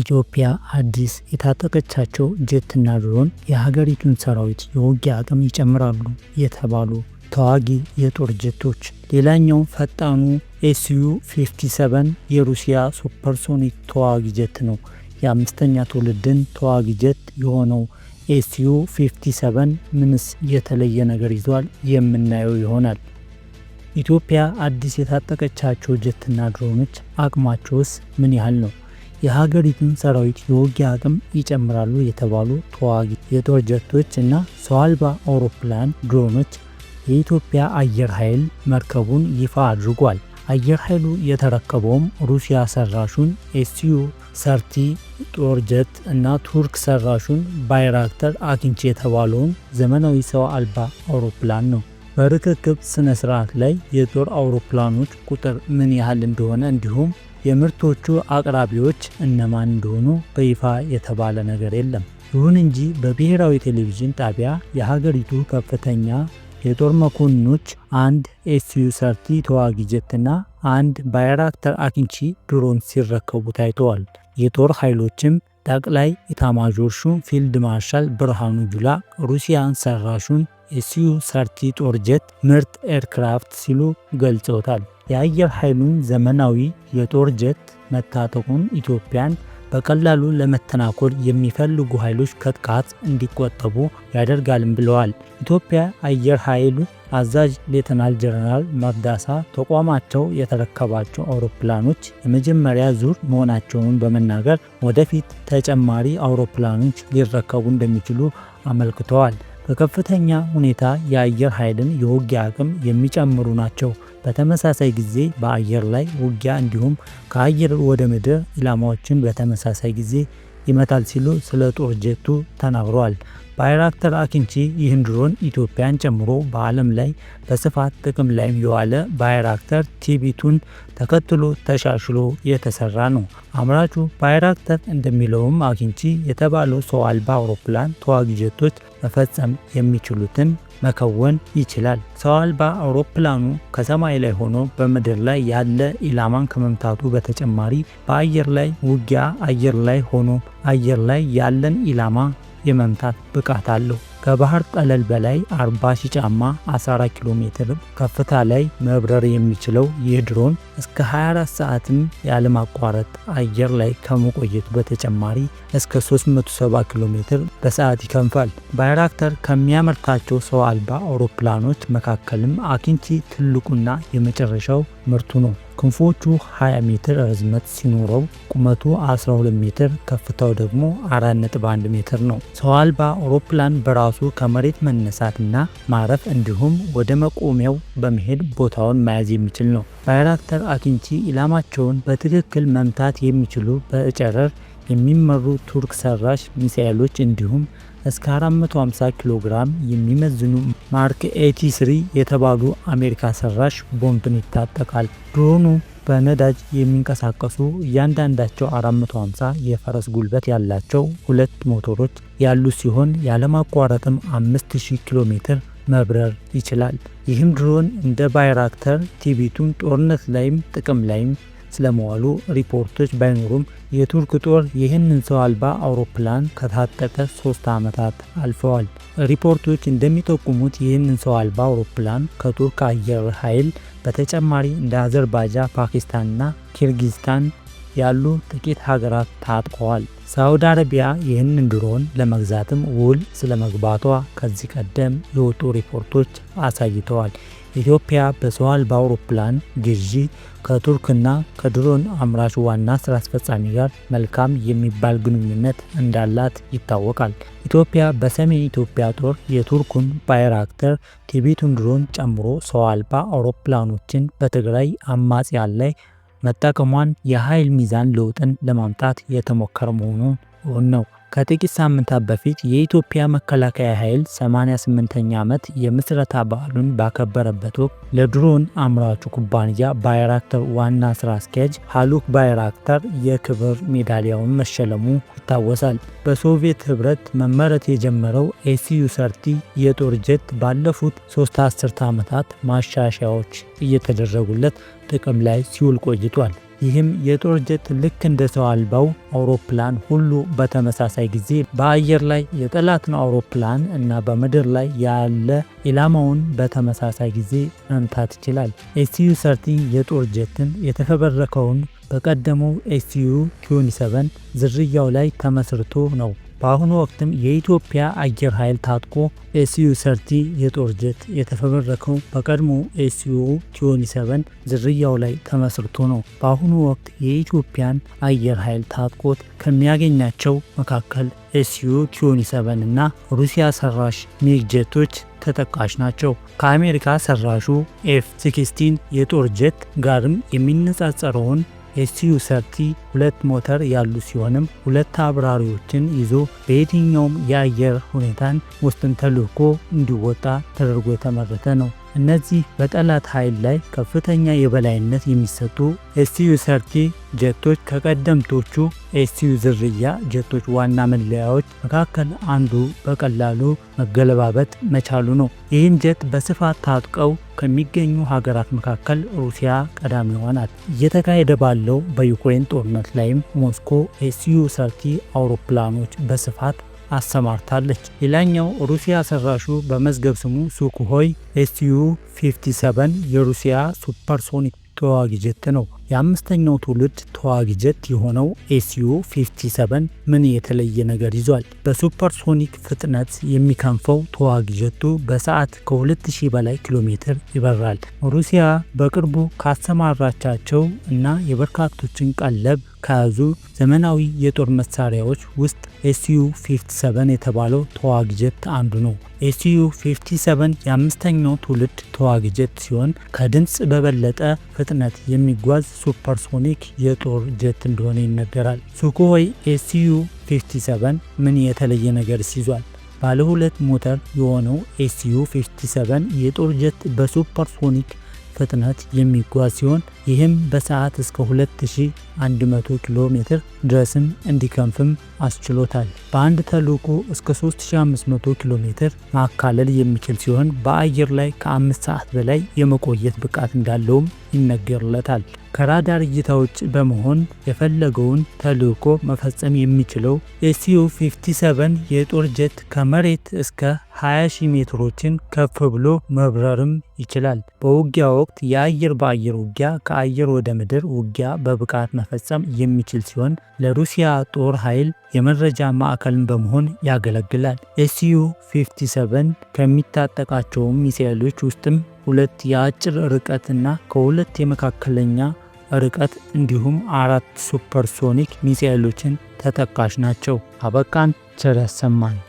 ኢትዮጵያ አዲስ የታጠቀቻቸው ጀትና ድሮን የሀገሪቱን ሰራዊት የውጊያ አቅም ይጨምራሉ የተባሉ ተዋጊ የጦር ጀቶች፣ ሌላኛው ፈጣኑ ኤስዩ 57 የሩሲያ ሱፐርሶኒክ ተዋጊ ጀት ነው። የአምስተኛ ትውልድን ተዋጊ ጀት የሆነው ኤስዩ 57 ምንስ የተለየ ነገር ይዟል? የምናየው ይሆናል። ኢትዮጵያ አዲስ የታጠቀቻቸው ጀትና ድሮኖች አቅማቸውስ ምን ያህል ነው? የሀገሪቱን ሰራዊት የውጊያ አቅም ይጨምራሉ የተባሉ ተዋጊ የጦር ጀቶች እና ሰው አልባ አውሮፕላን ድሮኖች የኢትዮጵያ አየር ኃይል መርከቡን ይፋ አድርጓል። አየር ኃይሉ የተረከበውም ሩሲያ ሰራሹን ኤስዩ ሰርቲ ጦር ጀት እና ቱርክ ሰራሹን ባይራክተር አኪንች የተባለውን ዘመናዊ ሰው አልባ አውሮፕላን ነው። በርክክብ ስነ ስርዓት ላይ የጦር አውሮፕላኖች ቁጥር ምን ያህል እንደሆነ እንዲሁም የምርቶቹ አቅራቢዎች እነማን እንደሆኑ በይፋ የተባለ ነገር የለም። ይሁን እንጂ በብሔራዊ ቴሌቪዥን ጣቢያ የሀገሪቱ ከፍተኛ የጦር መኮንኖች አንድ ኤስዩ ሰርቲ ተዋጊ ጀትና አንድ ባይራክተር አኪንቺ ድሮን ሲረከቡ ታይተዋል። የጦር ኃይሎችም ጠቅላይ ኢታማዦር ሹም ፊልድ ማርሻል ብርሃኑ ጁላ ሩሲያን ሰራሹን ኤስዩ ሰርቲ ጦር ጀት ምርጥ ኤርክራፍት ሲሉ ገልጸውታል። የአየር ኃይሉን ዘመናዊ የጦር ጀት መታጠቁን ኢትዮጵያን በቀላሉ ለመተናኮል የሚፈልጉ ኃይሎች ከጥቃት እንዲቆጠቡ ያደርጋልም ብለዋል። ኢትዮጵያ አየር ኃይሉ አዛዥ ሌተናል ጀነራል መርዳሳ ተቋማቸው የተረከባቸው አውሮፕላኖች የመጀመሪያ ዙር መሆናቸውን በመናገር ወደፊት ተጨማሪ አውሮፕላኖች ሊረከቡ እንደሚችሉ አመልክተዋል። በከፍተኛ ሁኔታ የአየር ኃይልን የውጊያ አቅም የሚጨምሩ ናቸው። በተመሳሳይ ጊዜ በአየር ላይ ውጊያ እንዲሁም ከአየር ወደ ምድር ኢላማዎችን በተመሳሳይ ጊዜ ይመታል ሲሉ ስለ ጦር ጀቱ ተናግረዋል። ባይራክተር አኪንቺ ይህን ድሮን ኢትዮጵያን ጨምሮ በዓለም ላይ በስፋት ጥቅም ላይ የዋለ ባይራክተር ቲቢቱን ተከትሎ ተሻሽሎ የተሰራ ነው። አምራቹ ባይራክተር እንደሚለውም አኪንቺ የተባለው ሰው አልባ አውሮፕላን ተዋጊ ጀቶች መፈጸም የሚችሉትን መከወን ይችላል። ሰው አልባ አውሮፕላኑ ከሰማይ ላይ ሆኖ በምድር ላይ ያለ ኢላማን ከመምታቱ በተጨማሪ በአየር ላይ ውጊያ አየር ላይ ሆኖ አየር ላይ ያለን ኢላማ የመምታት ብቃት አለው። ከባህር ጠለል በላይ 40 ሺህ ጫማ 14 ኪሎ ሜትር ከፍታ ላይ መብረር የሚችለው ይህ ድሮን እስከ 24 ሰዓትም ያለማቋረጥ አየር ላይ ከመቆየቱ በተጨማሪ እስከ 370 ኪሎ ሜትር በሰዓት ይከንፋል። ባይራክተር ከሚያመርታቸው ሰው አልባ አውሮፕላኖች መካከልም አኪንቺ ትልቁና የመጨረሻው ምርቱ ነው። ክንፎቹ 20 ሜትር ርዝመት ሲኖረው ቁመቱ 12 ሜትር ከፍታው ደግሞ 4.1 ሜትር ነው። ሰው አልባ አውሮፕላን በራሱ ከመሬት መነሳትና ማረፍ እንዲሁም ወደ መቆሚያው በመሄድ ቦታውን መያዝ የሚችል ነው። ባይራክተር አኪንቺ ኢላማቸውን በትክክል መምታት የሚችሉ በጨረር የሚመሩ ቱርክ ሰራሽ ሚሳኤሎች እንዲሁም እስከ 450 ኪሎ ግራም የሚመዝኑ ማርክ 83 የተባሉ አሜሪካ ሰራሽ ቦምብን ይታጠቃል። ድሮኑ በነዳጅ የሚንቀሳቀሱ እያንዳንዳቸው 450 የፈረስ ጉልበት ያላቸው ሁለት ሞተሮች ያሉ ሲሆን ያለማቋረጥም 5000 ኪሎ ሜትር መብረር ይችላል። ይህም ድሮን እንደ ባይራክተር ቲቢቱም ጦርነት ላይም ጥቅም ላይም ስለመዋሉ ሪፖርቶች ባይኖሩም የቱርክ ጦር ይህንን ሰው አልባ አውሮፕላን ከታጠቀ ሶስት ዓመታት አልፈዋል። ሪፖርቶች እንደሚጠቁሙት ይህንን ሰው አልባ አውሮፕላን ከቱርክ አየር ኃይል በተጨማሪ እንደ አዘርባጃ፣ ፓኪስታንና ኪርጊዝስታን ያሉ ጥቂት ሀገራት ታጥቀዋል። ሳውዲ አረቢያ ይህንን ድሮን ለመግዛትም ውል ስለመግባቷ ከዚህ ቀደም የወጡ ሪፖርቶች አሳይተዋል። ኢትዮጵያ በሰው አልባ አውሮፕላን ግዢ ከቱርክና ከድሮን አምራች ዋና ስራ አስፈጻሚ ጋር መልካም የሚባል ግንኙነት እንዳላት ይታወቃል። ኢትዮጵያ በሰሜን ኢትዮጵያ ጦር የቱርኩን ባይራክተር ቲቢቱን ድሮን ጨምሮ ሰው አልባ አውሮፕላኖችን በትግራይ አማጽያን ላይ መጠቀሟን የኃይል ሚዛን ለውጥን ለማምጣት የተሞከረ መሆኑን ነው። ከጥቂት ሳምንታት በፊት የኢትዮጵያ መከላከያ ኃይል 88ኛ ዓመት የምስረታ በዓሉን ባከበረበት ወቅት ለድሮን አምራቹ ኩባንያ ባይራክተር ዋና ስራ አስኪያጅ ሃሉክ ባይራክተር የክብር ሜዳሊያውን መሸለሙ ይታወሳል። በሶቪየት ህብረት መመረት የጀመረው ኤሲዩ ሰርቲ የጦር ጀት ባለፉት ሶስት አስርተ ዓመታት ማሻሻያዎች እየተደረጉለት ጥቅም ላይ ሲውል ቆይቷል። ይህም የጦር ጀት ልክ እንደ ሰው አልባው አውሮፕላን ሁሉ በተመሳሳይ ጊዜ በአየር ላይ የጠላትን አውሮፕላን እና በምድር ላይ ያለ ኢላማውን በተመሳሳይ ጊዜ መምታት ይችላል። ኤስዩ ሰርቲ የጦር ጀትን የተፈበረከውን በቀደመው ኤስዩ ኪዩኒ 7 ዝርያው ላይ ተመስርቶ ነው። በአሁኑ ወቅትም የኢትዮጵያ አየር ኃይል ታጥቆ ኤስዩ ሰርቲ የጦር ጀት የተፈበረከው በቀድሞ ኤስዩ ቲዮኒ ሰቨን ዝርያው ላይ ተመስርቶ ነው። በአሁኑ ወቅት የኢትዮጵያን አየር ኃይል ታጥቆት ከሚያገኛቸው መካከል ኤስዩ ቲዮኒ ሰቨን እና ሩሲያ ሰራሽ ሚግ ጀቶች ተጠቃሽ ናቸው። ከአሜሪካ ሰራሹ ኤፍ 16 የጦር ጀት ጋርም የሚነጻጸረውን ኤስዩ ሰርቲ ሁለት ሞተር ያሉ ሲሆንም ሁለት አብራሪዎችን ይዞ በየትኛውም የአየር ሁኔታን ውስጥን ተልኮ እንዲወጣ ተደርጎ የተመረተ ነው። እነዚህ በጠላት ኃይል ላይ ከፍተኛ የበላይነት የሚሰጡ ኤስቲዩ ሰርቲ ጀቶች ከቀደምቶቹ ኤስቲዩ ዝርያ ጀቶች ዋና መለያዎች መካከል አንዱ በቀላሉ መገለባበጥ መቻሉ ነው። ይህን ጀት በስፋት ታጥቀው ከሚገኙ ሀገራት መካከል ሩሲያ ቀዳሚዋ ናት። እየተካሄደ ባለው በዩክሬን ጦርነት ላይም ሞስኮ ኤስቲዩ ሰርቲ አውሮፕላኖች በስፋት አሰማርታለች። ሌላኛው ሩሲያ ሰራሹ በመዝገብ ስሙ ሱኩሆይ ኤስዩ 57 የሩሲያ ሱፐርሶኒክ ተዋጊ ጀት ነው። የአምስተኛው ትውልድ ተዋጊ ጀት የሆነው ኤስዩ 57 ምን የተለየ ነገር ይዟል? በሱፐርሶኒክ ፍጥነት የሚከንፈው ተዋጊ ጀቱ በሰዓት ከ2000 በላይ ኪሎ ሜትር ይበራል። ሩሲያ በቅርቡ ካሰማራቻቸው እና የበርካቶችን ቀለብ ከያዙ ዘመናዊ የጦር መሳሪያዎች ውስጥ ኤስዩ 57 የተባለው ተዋጊ ጀት አንዱ ነው። ኤስዩ 57 የአምስተኛው ትውልድ ተዋጊ ጀት ሲሆን ከድምፅ በበለጠ ፍጥነት የሚጓዝ ሱፐርሶኒክ የጦር ጀት እንደሆነ ይነገራል። ሱኮሆይ ኤስዩ 57 ምን የተለየ ነገር ይዟል? ባለ ሁለት ሞተር የሆነው ኤስዩ 57 የጦር ጀት በሱፐርሶኒክ ፍጥነት የሚጓዝ ሲሆን ይህም በሰዓት እስከ 2100 ኪሎ ሜትር ድረስም እንዲከንፍም አስችሎታል። በአንድ ተልዕኮ እስከ 3500 ኪሎ ሜትር ማካለል የሚችል ሲሆን በአየር ላይ ከአምስት ሰዓት በላይ የመቆየት ብቃት እንዳለውም ይነገርለታል። ከራዳር እይታ ውጭ በመሆን የፈለገውን ተልዕኮ መፈጸም የሚችለው ኤስዩ 57 የጦር ጀት ከመሬት እስከ 20 ሜትሮችን ከፍ ብሎ መብረርም ይችላል። በውጊያ ወቅት የአየር በአየር ውጊያ፣ ከአየር ወደ ምድር ውጊያ በብቃት መፈጸም የሚችል ሲሆን ለሩሲያ ጦር ኃይል የመረጃ ማዕከልን በመሆን ያገለግላል። ኤስዩ 57 ከሚታጠቃቸው ሚሳኤሎች ውስጥም ሁለት የአጭር ርቀትና ከሁለት የመካከለኛ ርቀት እንዲሁም አራት ሱፐርሶኒክ ሚሳኤሎችን ተጠቃሽ ናቸው። አበቃን። ቸር ያሰማን።